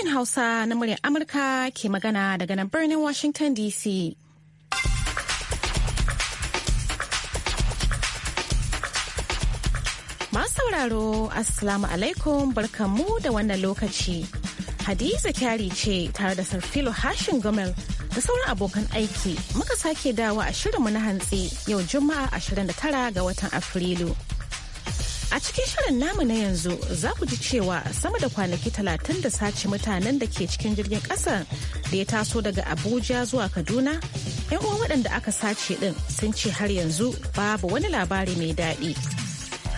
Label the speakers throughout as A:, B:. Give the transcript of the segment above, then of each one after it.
A: Sashen Hausa na muryar Amurka ke magana daga nan birnin Washington DC. Masu sauraro, Assalamu alaikum barkanmu da wannan lokaci. Hadiza kyari ce tare da Sarfilo Hashin Gomel da sauran abokan aiki muka sake dawa a shirinmu na hantsi yau Juma'a 29 ga watan Afrilu. A cikin shirin namu na yanzu za ku ji cewa sama da kwanaki talatin da sace mutanen da ke cikin jirgin ƙasar da ya taso daga Abuja zuwa Kaduna, 'yan uwan waɗanda aka sace ɗin sun ce har yanzu babu wani labari mai daɗi.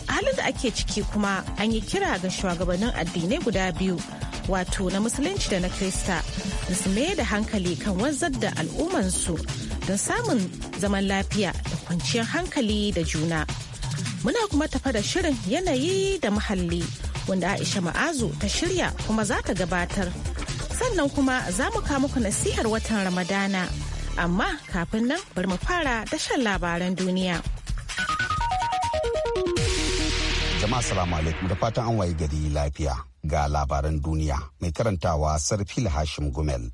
A: A halin da ake ciki kuma an yi kira ga shugabannin addinai guda biyu wato na musulunci da na krista da su mai da hankali kan wanzar da al'ummansu don samun zaman lafiya da kwanciyar hankali da juna. Muna kuma tafa da shirin yanayi da muhalli wanda Aisha Ma'azu ta shirya kuma za ta gabatar. Sannan kuma za mu kawo muku nasihar watan Ramadana. Amma kafin nan bari mu fara da shan labaran duniya.
B: Jama'a salamu alaikum da fatan an waye gari lafiya ga labaran duniya mai karantawa Sarfil Hashim Gumel.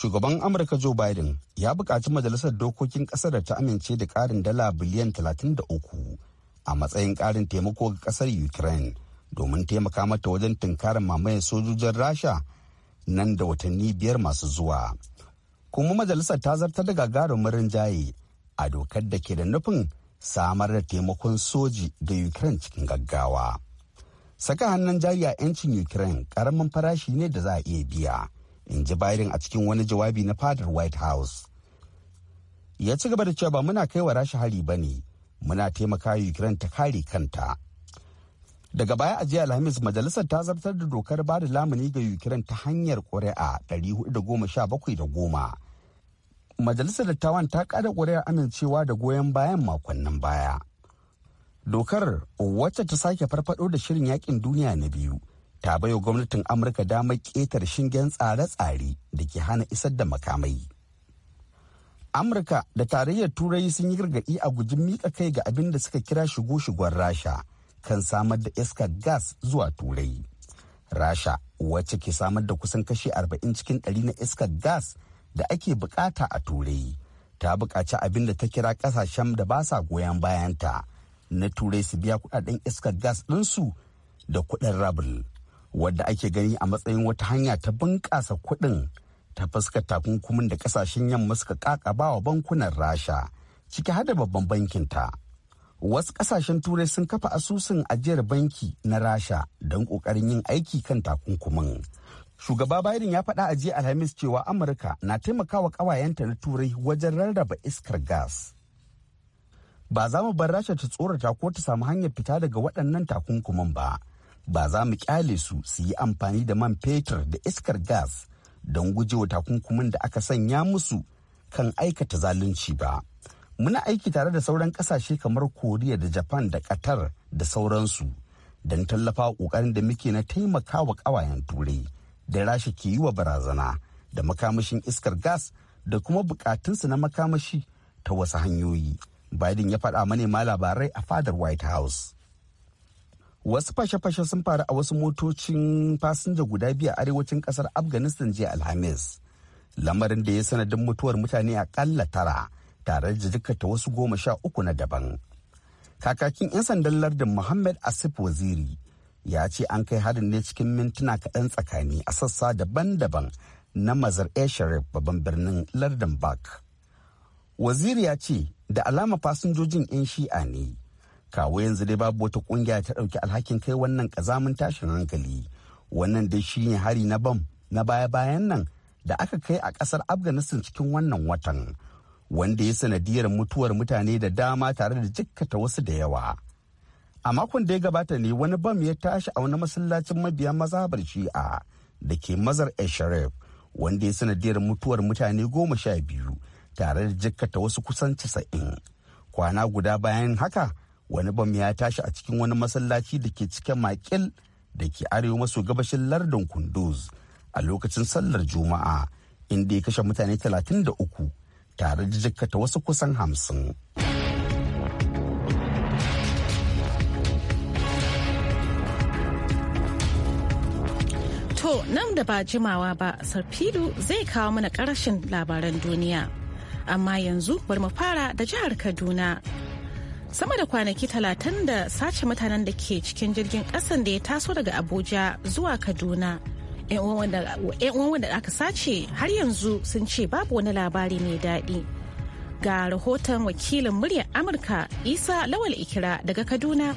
B: shugaban amurka joe biden ya buƙaci majalisar dokokin ƙasar da ta amince da ƙarin dala biliyan 33 a matsayin ƙarin taimako ga ƙasar ukraine domin taimaka mata wajen tunkarar mamayen sojojin rasha nan da watanni biyar masu zuwa kuma majalisar ta zartar da gagarumin rinjaye a dokar da ke da nufin samar da taimakon soji ga ukraine cikin gaggawa saka hannun jari a 'yancin ukraine ƙaramin farashi ne da za a iya biya in ji Biden a cikin wani jawabi na fadar White House. Ya ci gaba da cewa ba muna kai wa rasha hari ba ne, muna taimaka Ukraine ta kare kanta. Daga baya a jiya Alhamis majalisar ta zartar da dokar ba da lamuni ga Ukraine ta hanyar ƙuri'a 417 da goma. Majalisar dattawan ta ƙara ƙuri'ar amincewa da goyon bayan makonnin baya. Dokar wacce ta sake farfado da shirin yakin duniya na biyu ta baiwa gwamnatin amurka damar ƙetar shingen tsare-tsare da ke hana isar da makamai amurka da tarayyar turai sun yi gargaɗi a guji miƙa kai ga abin da suka kira shigo-shigon rasha kan samar da iskar gas zuwa turai rasha wacce ke samar da kusan kashi 40 cikin 100 na iskar gas da ake bukata a turai ta buƙaci abin da ta kira ƙasashen da ba sa goyon bayanta na turai su biya kudaden iskar gas ɗinsu da kuɗin rabul wadda ake gani a matsayin wata hanya ta bunƙasa kuɗin ta fuskar takunkumin da kasashen yamma suka kakaba wa bankunan rasha ciki har da babban bankin ta wasu kasashen turai sun kafa asusun ajiyar banki na rasha don ƙoƙarin yin aiki kan takunkumin shugaba biden ya faɗa a jiya alhamis cewa amurka na taimakawa ƙawayenta na turai wajen rarraba iskar gas ba za mu bar rasha ta tsorata ko ta samu hanyar fita daga waɗannan takunkumin ba ba za mu kyale su su yi amfani da man fetur da iskar gas don gujewa takunkumin da aka sanya musu kan aikata zalunci ba. Muna aiki tare da sauran kasashe kamar Koriya da Japan da Qatar da sauransu don tallafa ƙoƙarin da muke na taimakawa ƙawayen turai da rasha ke yi wa barazana da makamashin iskar gas da kuma bukatunsu na makamashi ta wasu hanyoyi. Biden ya faɗa manema labarai a fadar White House. wasu fashe-fashe sun faru a wasu motocin fasinja guda biyu a arewacin kasar afghanistan jiya alhamis lamarin da ya sanadin mutuwar mutane akalla tara tare da ta wasu goma sha uku na daban kakakin 'yan sandan lardin muhammad asif waziri ya ce an kai harin ne cikin mintuna kaɗan tsakani a sassa daban-daban na mazar sharif babban birnin lardin bak waziri ya ce da alama fasinjojin 'yan shi'a ne kawo yanzu dai babu wata kungiya ta ɗauki alhakin kai wannan ƙazamin tashin hankali wannan dai shine hari na bam na baya-bayan nan da aka kai a ƙasar afghanistan cikin wannan watan wanda ya sanadiyar mutuwar mutane da dama tare da jikkata wasu da yawa a makon da ya gabata ne wani bam ya tashi a wani masallacin mabiya mazhabar shi'a da ke mazar esharef wanda ya sanadiyar mutuwar mutane goma sha biyu tare da jikkata wasu kusan casa'in kwana guda bayan haka wani bam ya tashi a cikin wani masallaci da ke cikin makil da ke arewa maso gabashin lardin kunduz a lokacin sallar juma'a inda ya kashe mutane 33 tare da jikkata wasu kusan hamsin.
A: To nan da ba jimawa ba sarfilu zai kawo mana karashin labaran duniya. Amma yanzu bari mu fara da jihar Kaduna sama da kwanaki talatin da sace mutanen da ke cikin jirgin kasan da ya taso daga abuja zuwa kaduna yan uwan wanda aka sace har yanzu sun ce babu wani labari mai daɗi ga rahoton wakilin muryar amurka isa lawal ikira daga kaduna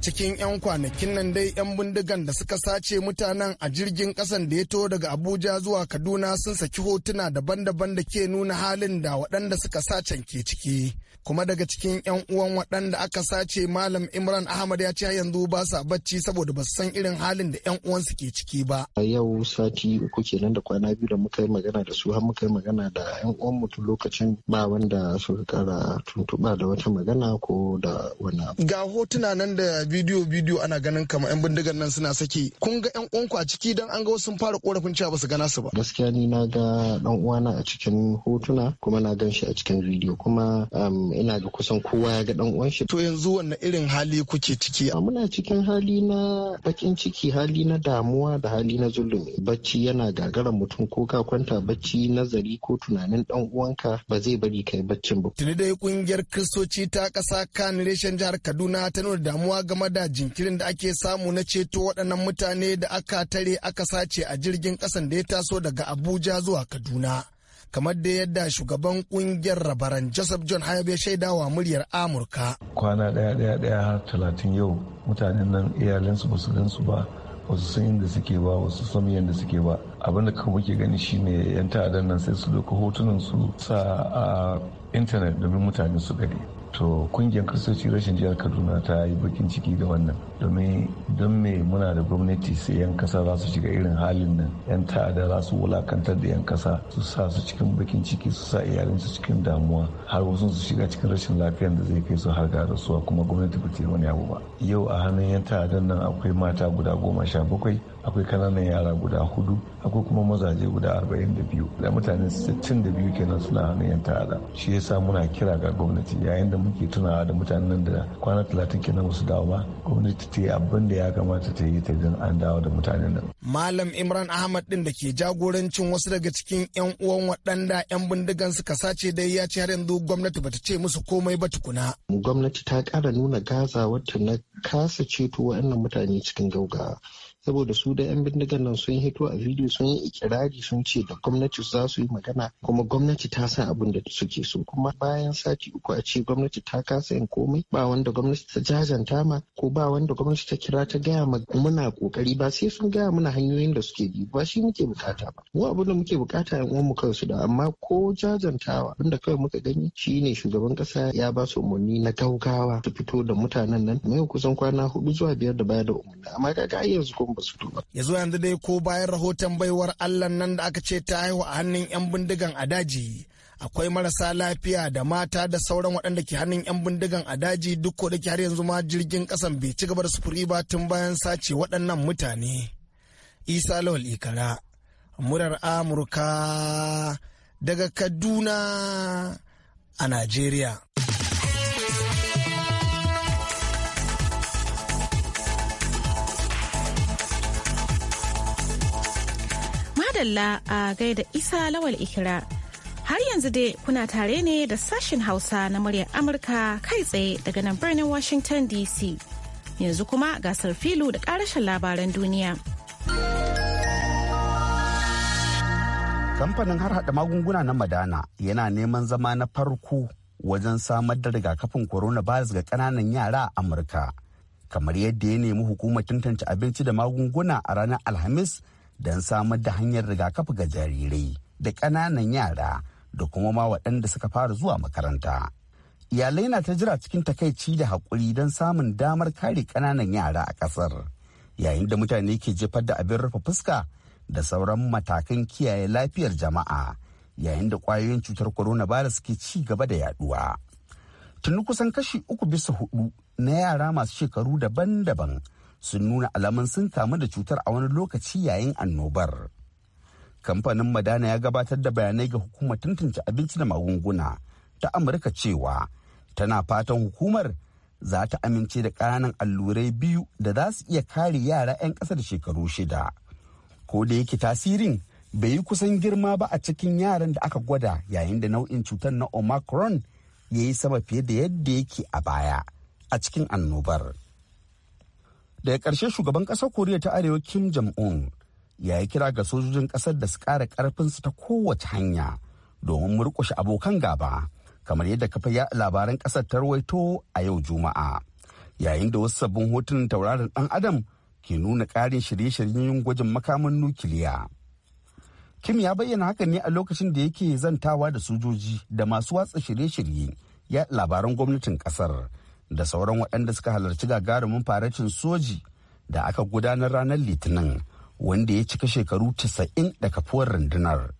A: cikin 'yan
C: kwanakin nan dai 'yan bindigan da suka sace mutanen a jirgin kasan da ya to daga abuja zuwa kaduna sun saki hotuna daban-daban da ke nuna halin da waɗanda suka sace ke ciki kuma daga cikin 'yan uwan waɗanda aka sace malam imran ahmad ya ce yanzu ba sa bacci saboda ba san irin halin da 'yan uwansu ke ciki ba
D: A yau sati uku kenan da kwana biyu da muka yi magana da su har muka yi magana da 'yan uwan mutum lokacin ba wanda suka kara tuntuɓa da wata magana ko da wani abu
C: ga hotuna nan da bidiyo bidiyo ana ganin kamar 'yan bindigar nan suna saki kun ga 'yan uwanku a ciki dan an ga wasu sun fara korafin cewa ba su gana su ba
D: gaskiya ni na ga dan uwana a cikin hotuna kuma na gan shi a cikin bidiyo kuma um, ina ga kusan kowa ya ga dan uwan shi to yanzu wannan irin hali kuke ciki muna cikin hali na bakin ciki hali na damuwa da hali na zulumi bacci yana gagarar mutum ko ka kwanta bacci nazari ko tunanin dan uwanka ba zai bari kai baccin ba tuni
C: dai kungiyar kristoci ta kasa kan reshen jihar kaduna ta nuna damuwa game da jinkirin da ake samu na ceto waɗannan mutane da aka tare aka sace a jirgin kasan da ya taso daga abuja zuwa kaduna kamar da yadda shugaban kungiyar rabaran joseph john hayab ya wa
E: muryar amurka kwana daya daya daya har talatin yau mutanen nan iyalinsu ba su gansu ba wasu sun inda suke ba wasu sun yadda suke ba abin da kuma muke gani shine yan ta'addan nan sai su doka hotunan su sa a intanet domin mutane su gani to kungiyar kasashe rashin jihar kaduna ta yi bakin ciki da wannan domin don me muna da gwamnati sai yan kasa za su shiga irin halin nan yan ta'ada za su wulakantar da yan kasa su sa su cikin bakin ciki su sa iyalinsu cikin damuwa har wasu su shiga cikin rashin lafiyar da zai kai su har ga rasuwa kuma gwamnati ba ta yi wani abu ba yau a hannun yan ta'adan nan akwai mata guda goma sha bakwai akwai kananan yara guda hudu akwai kuma mazaje guda arba'in da mutane sittin da biyu suna hannun yan ta'ada shi yasa muna kira ga gwamnati yayin da muke tunawa da mutanen da kwana talatin kenan su dawo ba gwamnati ta yi abin da ya kamata ta yi ta jin an dawo da mutanen nan.
C: malam imran ahmad din da ke jagorancin wasu daga cikin yan uwan waɗanda yan bindigan suka sace dai ya ce har yanzu gwamnati bata ce musu komai ba
D: tukuna. gwamnati ta ƙara nuna gaza wata na kasa ceto waɗannan mutane cikin gaugawa saboda su da 'yan bindigan nan sun hito a bidiyo sun yi ikirari sun ce da gwamnati za su yi magana kuma gwamnati ta san abin da suke so kuma bayan sati uku a ce gwamnati ta kasa yin komai ba wanda gwamnati ta jajanta ma ko ba wanda gwamnati ta kira ta gaya ma muna kokari ba sai sun gaya mana hanyoyin da suke bi ba shi muke bukata ba mu abin da muke bukata yan uwan mu kansu da amma ko jajantawa Abin da kawai muka gani shi ne shugaban kasa ya ba su umarni na gaugawa su fito da mutanen nan mai kusan kwana hudu zuwa biyar da baya da umarni amma kaga yanzu ko abin ba su fito
C: Ya zo yanzu dai ko bayan rahoton baiwar Allah nan da aka ce ta haihu a hannun 'yan bindigan a daji. Akwai marasa lafiya da mata da sauran waɗanda ke hannun 'yan bindigan a daji duk ko da har yanzu ma jirgin ƙasan bai ci gaba da sufuri ba tun bayan sace waɗannan mutane. Isa Lawal Ikara, murar Amurka daga Kaduna a Najeriya.
A: madalla a gaida isa lawal ikira har yanzu dai kuna tare ne da sashen hausa na muryar amurka kai tsaye daga nan birnin washington dc yanzu kuma gasar filu da karashin labaran duniya
B: kamfanin har hada magunguna na madana yana neman zama na farko wajen samar da rigakafin corona coronavirus ga kananan yara a amurka kamar yadda ya nemi hukumar tantance abinci da magunguna a ranar alhamis don samar da hanyar rigakafi ga jarirai da ƙananan yara da kuma ma waɗanda suka fara zuwa makaranta. Iyalai na ta jira cikin takaici da haƙuri don samun damar kare ƙananan yara a ƙasar, yayin da mutane ke jefar da abin rufe fuska da sauran matakan kiyaye lafiyar jama'a, yayin da ƙwayoyin cutar coronavirus ke ci gaba da yaduwa. Tuni kusan kashi uku bisa hudu na yara masu shekaru daban-daban sun nuna alamun sun kamu da cutar a wani lokaci yayin annobar. Kamfanin Madana ya gabatar da bayanai ga hukumar tantance abinci da magunguna ta Amurka cewa tana fatan hukumar za ta amince da ƙananan allurai biyu da za su iya kare yara 'yan ƙasa da shekaru shida. Ko da yake tasirin bai yi kusan girma ba a cikin yaran da aka gwada yayin da nau'in cutar na Omicron ya yi sama fiye da yadda yake a baya a cikin annobar. daga ƙarshe shugaban ƙasar koriya ta arewa kim jong-un ya yi kira ga sojojin ƙasar da su ƙara ƙarfinsu ta kowace hanya domin murƙushe abokan gaba kamar yadda kafa ya labaran ƙasar ta rawaito a yau juma'a yayin da wasu sabbin hotunan tauraron ɗan adam ke nuna ƙarin shirye-shiryen gwajin makaman nukiliya kim ya bayyana hakan ne a lokacin da yake zantawa da sojoji da masu watsa shirye-shirye ya labaran gwamnatin ƙasar da sauran waɗanda suka halarci gagarumin faracin soji da aka gudanar ranar litinin wanda ya cika shekaru 90 da kafuwar rundunar.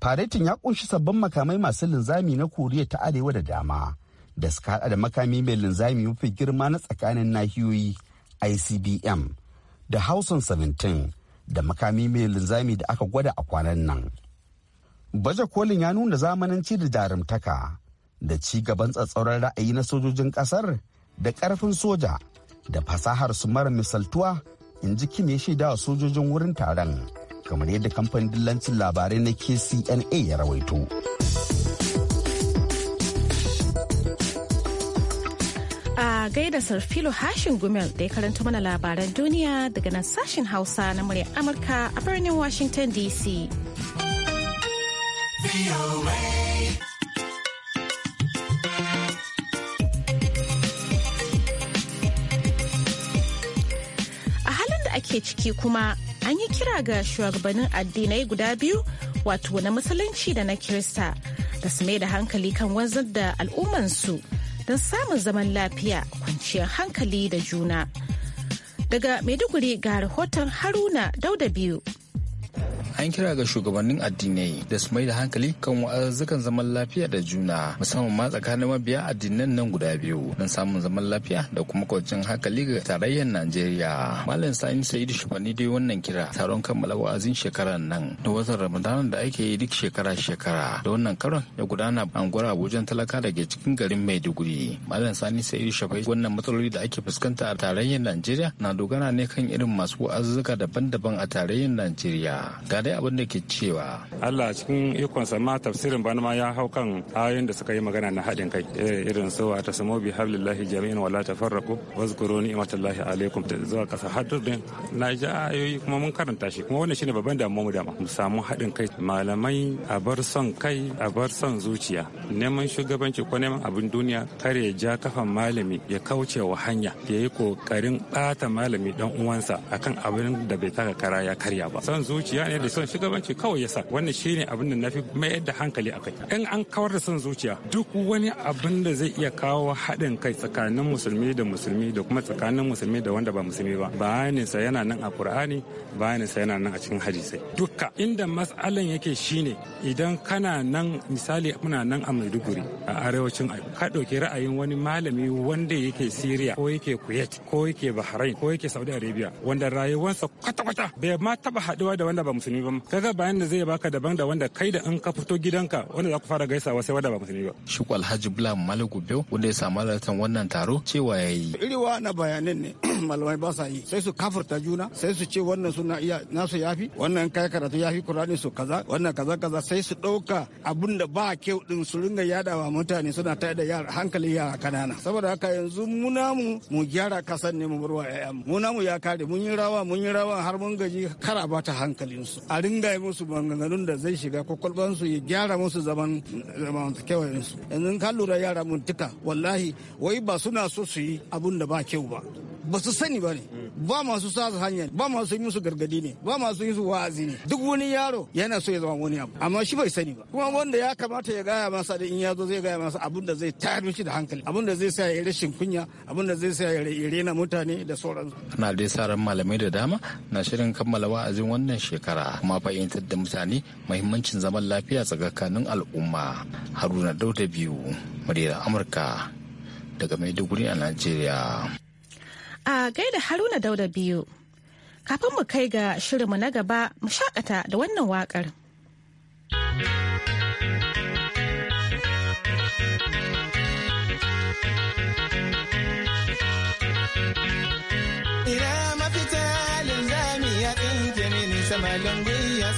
B: faretin ya kunshi sabbin makamai masu linzami na koriya ta arewa da dama da suka hada da makami mai linzami mafi girma na tsakanin nahiyoyi icbm da hausan 17 da makami mai linzami da aka gwada a kwanan nan baje kolin ya nuna zamananci da jarumtaka da ci gaban tsatsauran ra'ayi na sojojin kasar da karfin soja da fasahar su mara misaltuwa in ji kim ya shaida wa sojojin wurin taron kamar yadda kamfanin dillancin labarai na kcna ya rawaito
A: a gaida sarfilo hashin gumel da ya karanta mana labaran duniya daga nan sashin hausa na murya amurka a birnin washington dc ake ciki kuma an yi kira ga shugabannin addinai guda biyu wato na musulunci da na kirista da su mai da hankali kan wanzar da al'ummansu don samun zaman lafiya kwanciyar hankali da juna daga maiduguri ga rahoton haruna dauda biyu
F: an kira ga shugabannin addinai da su mai da hankali kan wa'azzukan zaman lafiya da juna musamman ma tsakanin mabiya addinan nan guda biyu don samun zaman lafiya da kuma kwacin hankali ga tarayyar Najeriya. Malam Sa'im Sa'idu Shufani dai wannan kira taron kammala wa'azin shekarar nan da watan Ramadan da ake yi duk shekara-shekara da wannan karon ya gudana a unguwar talaka daga cikin garin Maiduguri. Malam Sani Sa'idu Shafai wannan matsaloli da ake fuskanta a tarayyar Najeriya na dogara ne kan irin masu wa'azzuka daban-daban a tarayyar Najeriya. Ga dai abin da ke
G: cewa. Allah cikin ikon ma tafsirin bana ma ya hau kan ayoyin da suka yi magana na haɗin kai eh, irin su wa tasamo bi hablillahi jami'in wala tafarraqu wazkuru ni'matallahi alaikum ta zuwa kasa hadu din na ji ayoyi kuma mun karanta shi kuma wannan shine babban damuwa mu dama mu samu haɗin kai malamai a bar son kai a bar son zuciya neman shugabanci ko neman abin duniya kar ya ja kafan malami ya kauce wa hanya ya yi kokarin bata malami dan uwansa akan abin da bai taka kara ya karya ba son zuciya ne da son shugabanci kawai ya sa. wannan shine abin da fi mayar da hankali a kai in an kawar da son zuciya duk wani abin da zai iya kawo haɗin kai tsakanin musulmi da musulmi da kuma tsakanin musulmi da wanda ba musulmi ba bayaninsa yana nan a qur'ani bayaninsa yana nan a cikin hadisai dukka inda mas'alan yake shine idan kana nan misali muna nan a maiduguri a arewacin ka ɗauki ra'ayin wani malami wanda yake siriya ko yake kuwait ko yake bahrain ko yake saudi arabia wanda rayuwarsa kwata-kwata bai ma taba haɗuwa da wanda ba musulmi ba kaga bayan da zai baka daban da wanda kai da an ka fito gidanka wanda za ku fara gaisawa sai wanda ba musulmi ba
F: shi alhaji bulam malik biyu wanda ya samu alatan wannan taro cewa ya yi
C: iriwa na bayanan ne malamai ba sa yi sai su kafurta juna sai su ce wannan suna iya nasu yafi wannan kai karatu yafi kurani su kaza wannan kaza kaza sai su ɗauka abun da ba kyau din su ringa yadawa mutane suna ta da yara hankali ya kanana saboda haka yanzu muna mu mu gyara kasan ne mu barwa 'ya'yan mu muna ya kare mun yi rawa mun yi rawa har mun gaji kara bata hankalinsu a ringa yi musu maganganun da zai shiga su ya gyara musu zaman zamantakewayensu yanzu ka lura yara muntuka wallahi wai ba suna so su yi abun da ba kyau ba ba su sani ba ne ba masu sa su hanya ba masu yi musu gargadi ne ba masu yi su wa'azi ne duk wani yaro yana so ya zama wani abu amma shi bai sani ba kuma wanda ya kamata ya gaya masa da in ya zo zai gaya masa abun da zai tayar mishi da hankali abun da zai sa ya rashin kunya abun da zai sa ya na mutane da sauransu
F: na dai sa ran malamai da dama na shirin kammala wa'azin wannan shekara kuma fahimtar da mutane mahimmancin zaman lafiya tsakanin al'umma haruna dauda biyu muryar amurka daga maiduguri a najeriya
A: a gaida haruna dauda biyu kafin mu kai ga shirinmu na gaba mu shakata da wannan wakar.
H: Ina mafita ya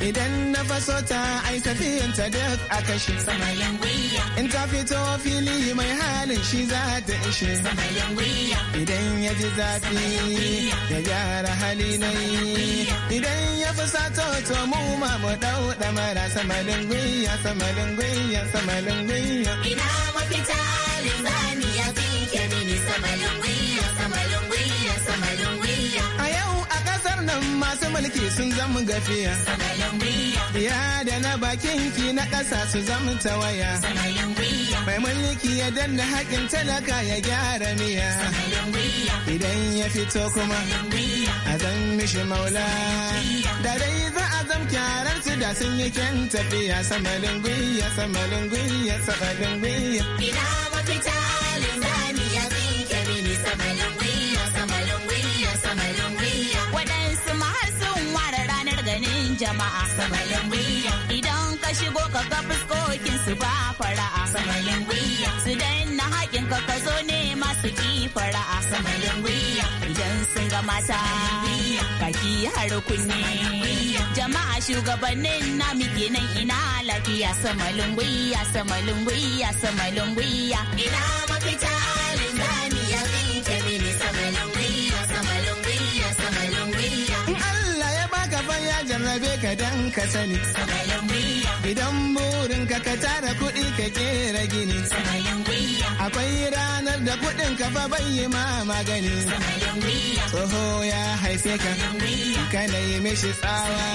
H: Idan na faso ta ai safiyan ta duk a shi In ta fito fili mai halin shi za ta ishe. Samayen wiya. Idan ya ji zafi ya gyara hali na yi. Idan ya fi to to mu ma mu dau marasa samalin wiya
I: Ina mafita linzani ya fi kemini samalin wiya samalin
H: nan masu mulki sun zama gafiya. Ya da na bakin ki na ƙasa su zama tawaya. Mai mulki ya danna haƙin talaka ya gyara miya. Idan ya fito kuma a zan mishi maula. Da dai za a zam kyarar su da sun yi kyan tafiya samalin gwiya samalin gwiya samalin gwiya.
I: Ina mafita linzami ya zai sama samalin jama'a. Samalin wiya. Idan ka shigo ka ga fuskokin su ba fara'a. Samalin wiya. Su danna haƙin ka ka zo ne masu ki fara'a. Samalin wiya. Idan sun ga mata. ki har kunne. Jama'a shugabannin na muke nan ina lafiya. Samalin wiya, samalin wiya, samalin wiya. Ina mafita.
H: jarrabe ka dan ka sani. Idan burin ka ka tara kuɗi ka kera gini. Akwai ranar da kuɗin ka fa bai ma magani. Tsoho ya haife ka, kana yi mishi tsawa.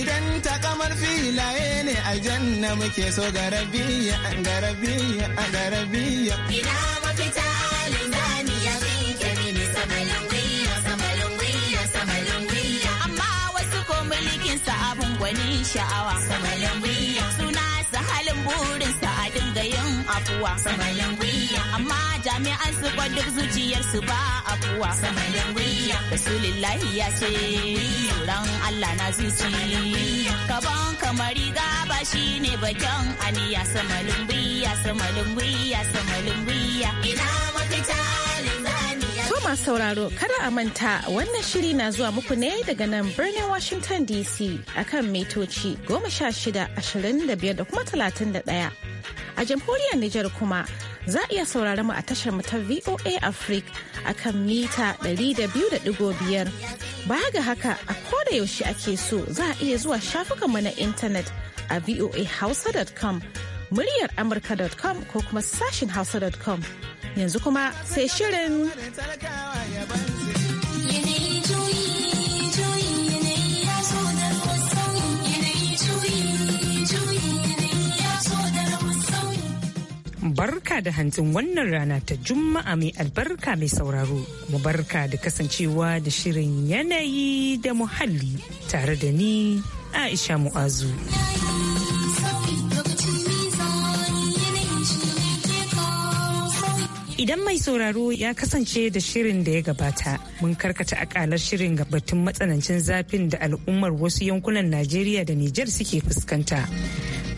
H: Idan ta kamar filaye ne aljanna muke so garabiya, garabiya, garabiya. Ina mafita.
I: wani sha'awa samayin wiya suna su halin burin sa a dinga yin afuwa samayin wiya amma jami'an su kwa duk zuciyar su ba afuwa samayin wiya rasulullahi ya ce ran Allah na zuci kaban kamari gaba shine bakin aniya samalin wiya samalin wiya samalin wiya ina mafita
A: masu sauraro kada a manta wannan shiri na zuwa muku ne daga nan birnin Washington DC akan mitoci 16, 25 da kuma 31. A jamhuriyar Nijar kuma za a iya saurari mu a tashar mu ta VOA Africa a kan mita 200.5. ba ga haka a koda yaushe ake so za a iya zuwa shafukanmu na intanet a voahausa.com muryar amurka.com ko kuma sashin hausa.com yanzu kuma sai shirin
J: barka da hantsin wannan rana ta juma'a mai albarka mai sauraro mu barka da kasancewa da shirin yanayi da muhalli tare da ni aisha mu'azu. Idan mai sauraro ya kasance da shirin da ya gabata, mun karkata akalar shirin ga batun matsanancin zafin da al'ummar wasu yankunan Najeriya da Nijar suke fuskanta.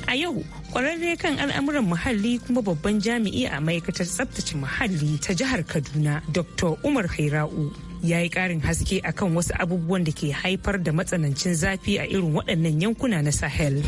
J: A yau, kwararre kan al'amuran muhalli kuma babban jami'i a ma'aikatar tsabtace muhalli ta jihar Kaduna, Dr. Umar Haira'u. Ya yi ƙarin haske akan wasu abubuwan da ke haifar da matsanancin zafi a irin waɗannan yankuna na Sahel.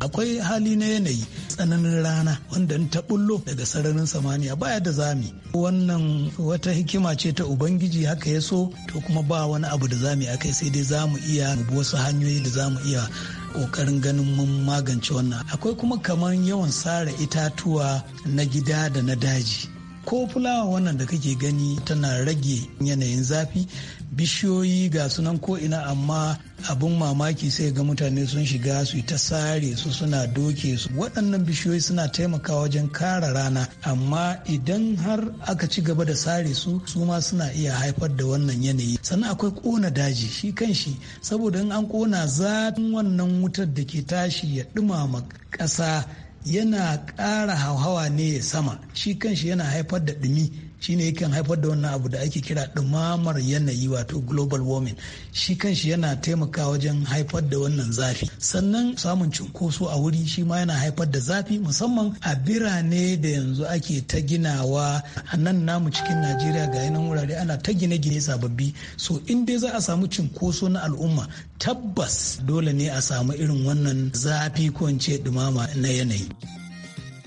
K: akwai hali na yanayi tsananin rana wanda in ta bullo daga sararin samaniya baya da zami wannan wata hikima ce ta ubangiji haka ya so to kuma ba wani abu da zami akai sai dai za mu iya wasu hanyoyi da zamu iya kokarin ganin mun magance wannan akwai kuma kamar yawan sare itatuwa na gida da na daji ko fulawa wannan da kake gani tana rage yanayin zafi bishiyoyi ga sunan ko'ina amma abun mamaki sai ga mutane sun shiga su ta sare su suna doke su waɗannan bishiyoyi suna taimakawa wajen kara rana amma idan har aka ci gaba da sare su su ma suna iya haifar da wannan yanayi sannan akwai kona daji shi kan shi saboda in an kona zafin wannan wutar da ke tashi ya ɗumama ƙasa yana ƙara hauhawa ne sama shi kanshi yana haifar da ɗumi shine yakan haifar da wannan abu da ake kira ɗumamar yanayi wato global warming shi kanshi yana taimakawa wajen haifar da wannan zafi sannan samun cunkoso a wuri shi ma yana haifar da zafi musamman a birane da yanzu ake ta ginawa a nan namu cikin najeriya ga yanan wurare ana ta gine-gine sababbi so in dai za a samu cunkoso na al'umma tabbas dole ne a samu irin wannan zafi ko in ce ɗumama na yanayi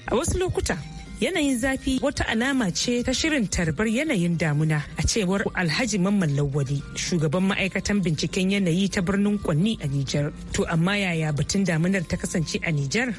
J: a wasu lokuta yanayin zafi wata alama ce ta shirin tarbar yanayin damuna a cewar alhaji mamman lawwali shugaban ma'aikatan binciken yanayi ta birnin kwanni a nijar to amma yaya batun damunar ta kasance a nijar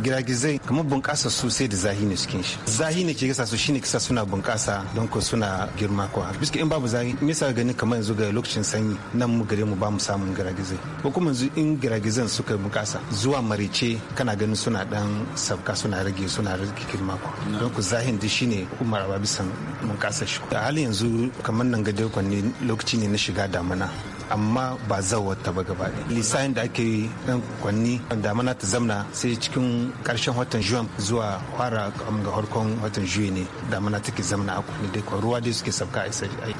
C: giragizai kamar bunƙasa su sai da zahi ne cikin shi zahi ne ke gasa su shine kisa suna bunƙasa don ko suna girma kuwa biski in babu zahi me yasa ganin kamar yanzu ga lokacin sanyi nan mu gare mu ba mu samun giragizai ko kuma yanzu in giragizan suka bunƙasa zuwa marice kana ganin suna dan sabka suna rage suna rage girma kuwa don ku zahin da shine umar bisan bunƙasa shi a halin yanzu kamar nan ga dirkon ne lokaci ne na shiga damana amma ba zawar ta ba gaba ɗaya da ake yi ɗan kwanni damana ta zamna sai cikin karshen watan juan zuwa fara ga harkon watan juye ne mana take zamana aku ne dai ruwa dai suke sabka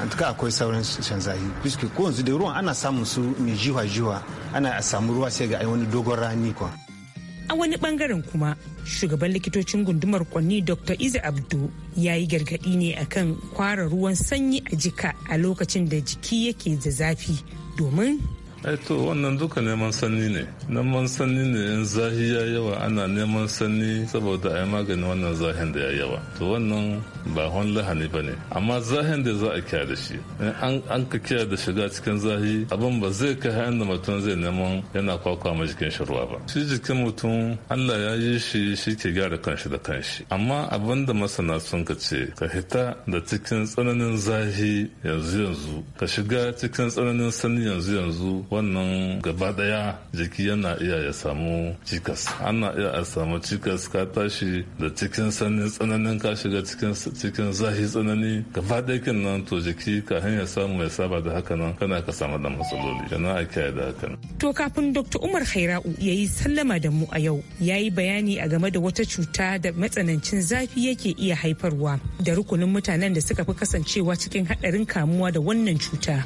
C: a tuka akwai sauran shan zahi biski ko yanzu da ruwan ana samun su mai jiwa jiwa ana a samu ruwa sai ga ai wani dogon rani kwa
J: a wani bangaren kuma shugaban likitocin gundumar kwanni dr iza abdu ya yi gargaɗi ne akan kwara ruwan sanyi a jika a lokacin da jiki yake da zafi domin
G: ai eh, wannan duka neman sanni ne neman sanni ne in zahi ya yawa ana neman sanni saboda a yi maganin wannan zahin da ya yawa to wannan ba wani lahani ba ne amma zahin da za a kya da shi an ka kiya da shiga cikin zahi abin ba zai kai hayan da mutum zai neman yana kwakwa ma jikin shi ba shi jikin mutum allah ya yi shi shi ke gyara kanshi da kanshi amma abin da masana sun ka ce ka hita da cikin tsananin zahi yanzu yanzu ka shiga cikin tsananin sanni yanzu yanzu wannan gaba daya jiki yana iya ya samu cikas ana iya a samu cikas ka tashi da cikin sanin tsananin ka shiga cikin zahi tsanani gaba daya kin nan to jiki ka hanyar samu ya saba da haka nan kana ka samu da matsaloli kana a kiyaye da haka
J: to kafin dr umar khairau ya yi sallama da mu a yau ya yi bayani a game da wata cuta da matsanancin zafi yake iya haifarwa da rukunin mutanen da suka fi kasancewa cikin haɗarin kamuwa da wannan cuta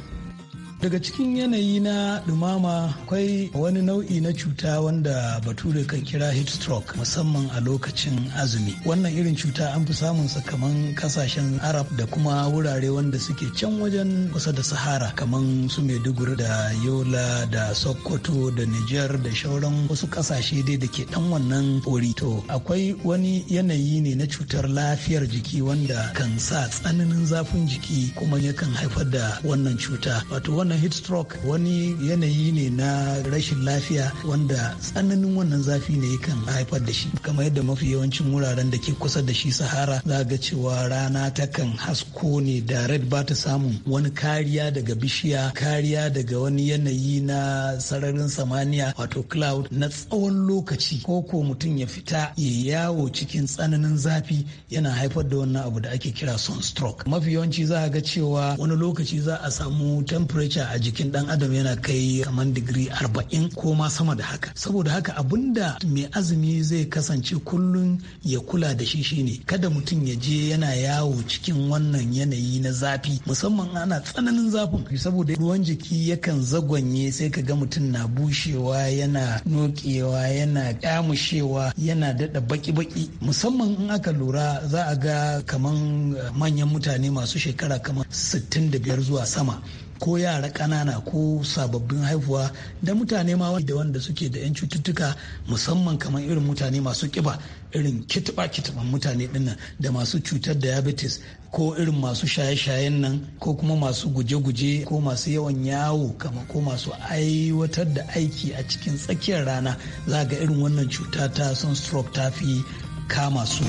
K: daga cikin yanayi na dumama akwai wani nau'i na cuta wanda bature kan kira heat stroke musamman a lokacin azumi wannan irin cuta an fi samun sa kaman kasashen arab da kuma wurare wanda suke can wajen kusa da sahara kaman su maiduguri da yola da sokoto da niger da shauran wasu kasashe dai da ke dan wannan ori to akwai wani yanayi ne na cutar lafiyar jiki wanda kan sa tsananin zafin jiki kuma yakan haifar da wannan cuta wannan heat stroke wani yanayi ne na rashin lafiya wanda tsananin wannan zafi ne yakan haifar da shi kamar yadda mafi yawancin wuraren da ke kusa da shi sahara za ga cewa rana takan hasko ne da red ba ta samun wani kariya daga bishiya kariya daga wani yanayi na sararin samaniya wato cloud na tsawon lokaci ko ko mutum ya fita ya yawo cikin tsananin zafi yana haifar da wannan abu da ake kira sunstroke mafi yawanci za ga cewa wani lokaci za a samu temperature temperature a jikin dan adam yana kai kamar digiri arba'in ko ma sama da haka saboda haka abun da mai azumi zai kasance kullum ya kula da shi shine kada mutum ya je yana yawo cikin wannan yanayi na zafi musamman ana tsananin zafin saboda ruwan jiki yakan zagwanye sai ka ga mutum na bushewa yana nokewa yana kyamushewa yana dada baki-baki musamman in aka lura za a ga kaman manyan mutane masu shekara kamar 65 zuwa sama ko yara ƙanana ko sababbin haihuwa da mutane ma wanda wanda suke da 'yan cututtuka musamman kamar irin mutane masu ƙiba irin kitiba kitiban mutane dinnan da masu cutar diabetes ko irin masu shaye-shayen nan ko kuma masu guje-guje ko masu yawan yawo kama ko masu aiwatar da aiki a cikin tsakiyar rana za ga irin wannan cuta ta sun stroke ta fi kama su.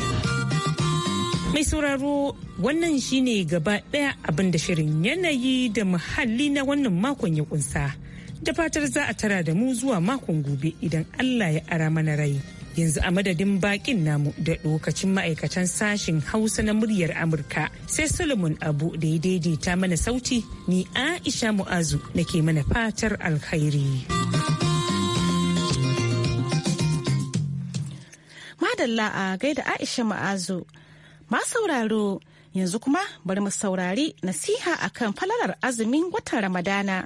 J: Mai sauraro wannan shine gaba ɗaya abinda shirin yanayi da muhalli na wannan makon ya kunsa. Da fatar za a tara da mu zuwa makon gobe idan Allah ya ara mana rai. Yanzu a madadin bakin namu da lokacin ma'aikatan sashen Hausa na muryar Amurka sai Solomon Abu da ya daidaita mana sauti ni Aisha Mu'azu nake mana fatar alkhairi.
A: Madalla a gaida Aisha muazu. Ma sauraro yanzu kuma bari mu saurari nasiha akan falalar azumin watan Ramadana.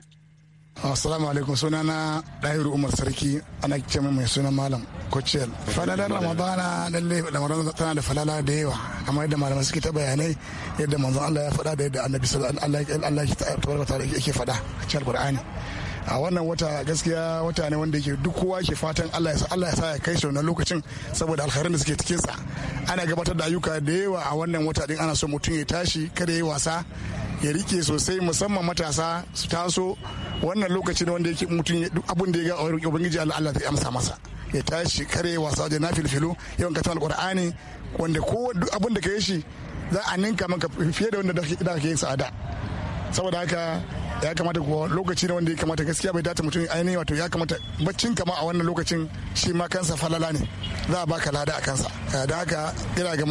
L: Assalamu alaikum sunana Dahiru Umar Sarki ana ce mai suna malam Kociyar. Falalar Ramadana lalle Ramadana tana da falala da yawa amma yadda malamai suke ta bayanai yadda manzon Allah ya faɗa da yadda Annabi sallallahu alaihi wa sallam Allah ya tabbata yake faɗa cikin Qur'ani. a wannan wata gaskiya wata ne wanda yake duk kowa ke fatan Allah ya sa Allah ya sa ya kai shi wannan lokacin saboda alkhairin da suke cikin sa ana gabatar da ayyuka da yawa a wannan wata din ana so mutum ya tashi kada ya wasa ya rike sosai musamman matasa su taso wannan lokacin wanda yake mutum abin da ya ga ubangiji Allah Allah ya amsa masa ya tashi kare wasa wajen na filo yawan katon alqur'ani wanda ko duk abin da ka yi shi za a ninka maka fiye da wanda da ka yi sa'ada saboda haka ya kamata kuwa lokaci ne wanda ya kamata gaskiya bai dace mutum ainihin wato ya kamata baccin kama a wannan lokacin shi ma kansa falala ne za a baka lada a kansa da haka ina ga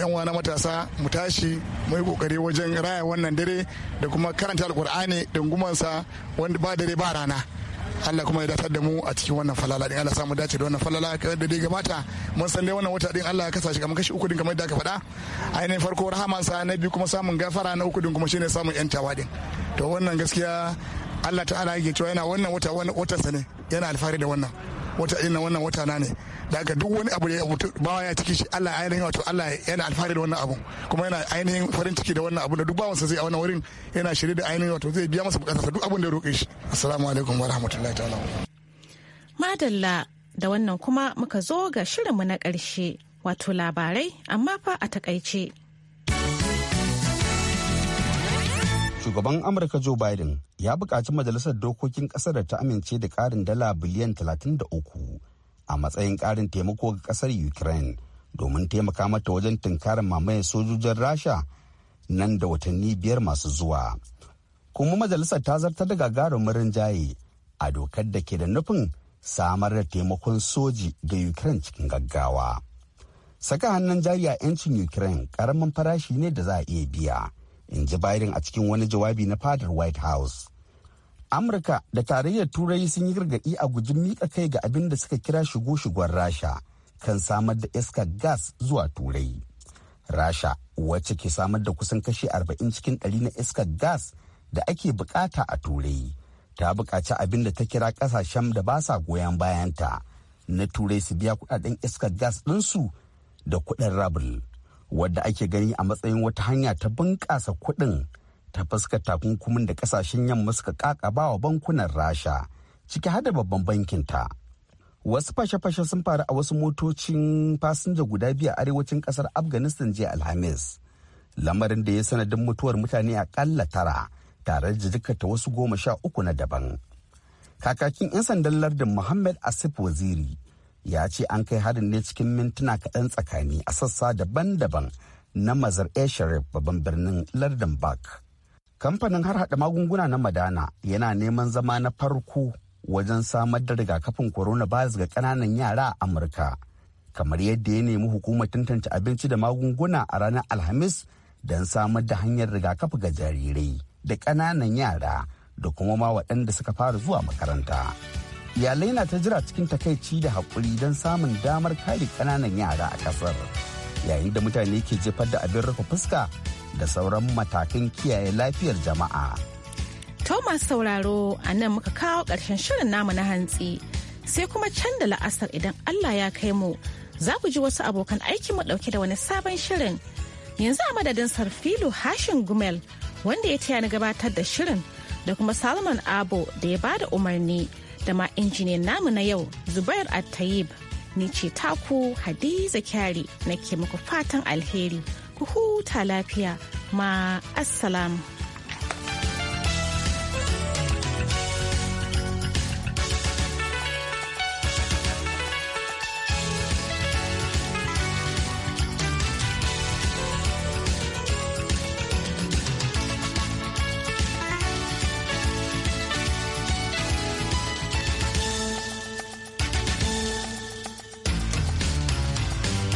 L: yan wana matasa mu tashi mu yi kokari wajen raya wannan dare da kuma karanta alkur'ani dangumansa wanda ba dare ba rana Allah kuma ya datar da mu a cikin wannan falala din Allah samu dace da wannan falala da dai gabata mun san dai wannan wata din Allah ya kasa shi kamar kashi uku din kamar yadda aka faɗa ainihin farko rahamansa na biyu kuma samun gafara na uku din kuma shine samun yantawa din to wannan gaskiya Allah ta'ala yake cewa yana wannan wata wata sane yana alfahari da wannan wata din wannan wata na ne daga duk wani abu da mutu bawa ya ciki shi Allah ainihin wato Allah yana alfahari da wannan abu kuma yana ainihin farin ciki da wannan abu da duk bawansa zai a wannan wurin yana shirye da ainihin wato zai biya masa bukatarsa duk abin da ya roƙe shi assalamu alaikum wa rahmatullahi
E: ta'ala
A: madalla da wannan kuma muka zo ga shirinmu na ƙarshe wato labarai amma fa a takaice
B: shugaban amurka joe biden ya buƙaci majalisar dokokin ƙasar da ta amince da ƙarin dala biliyan 33 a matsayin ƙarin taimako ga ƙasar ukraine domin taimaka mata wajen tunkarar mamayar sojojin rasha nan da watanni biyar masu zuwa kuma majalisar ta zartar da gagarumin rinjaye a dokar da ke da nufin samar da taimakon soji ga ukraine cikin gaggawa saka hannun jari a 'yancin ukraine karamin farashi ne da za a iya biya in ji biden a cikin wani jawabi na fadar white house amurka da tarayyar turai sun yi gargaɗi a guji miƙa kai ga abin da suka kira shigo-shigon rasha kan samar da iska gas zuwa turai rasha wacce ke samar da kusan kashi arba'in cikin ɗari na iska gas da ake bukata a turai ta buƙaci abin da ta kira ƙasashen da ba sa goyon bayanta na turai su biya kuɗaɗen iska gas ɗinsu da kuɗin rabul wadda ake gani a matsayin wata hanya ta bunƙasa kuɗin. ta fuskar takunkumin da kasashen yamma suka kakaba wa bankunan rasha ciki har da babban bankin ta wasu fashe-fashe sun faru a wasu motocin fasinja guda biyu a arewacin kasar afghanistan jiya alhamis lamarin da ya sanadin mutuwar mutane akalla tara tare da ta wasu goma sha uku na daban kakakin 'yan sandan lardin muhammad asif waziri ya ce an kai harin ne cikin mintuna kaɗan tsakani a sassa daban-daban na mazar sharif babban birnin lardin bak kamfanin har hada magunguna na madana yana neman zama na farko wajen samar da rigakafin coronavirus ga ƙananan yara a amurka kamar yadda ya nemi hukumar tantance abinci da magunguna a ranar alhamis don samar da hanyar rigakafi ga jarirai da ƙananan yara da kuma ma waɗanda suka fara zuwa makaranta iyalai na ta jira cikin takaici da haƙuri don samun damar kare ƙananan yara a ƙasar yayin da mutane ke jefar da abin rufe fuska da sauran matakan kiyaye lafiyar jama'a.
A: Thomas sauraro a nan muka kawo ƙarshen shirin namu na hantsi sai kuma can da la'asar idan Allah ya kai mu za ku ji wasu abokan aiki mu ɗauke da wani sabon shirin yanzu a madadin sarfilu hashin gumel wanda ya taya ni gabatar da shirin da kuma salman abo da ya ba da umarni da ma injiniyan namu na yau zubair attayib ni ce taku hadiza kyari nake muku fatan alheri ku huta lafiya ma assalamu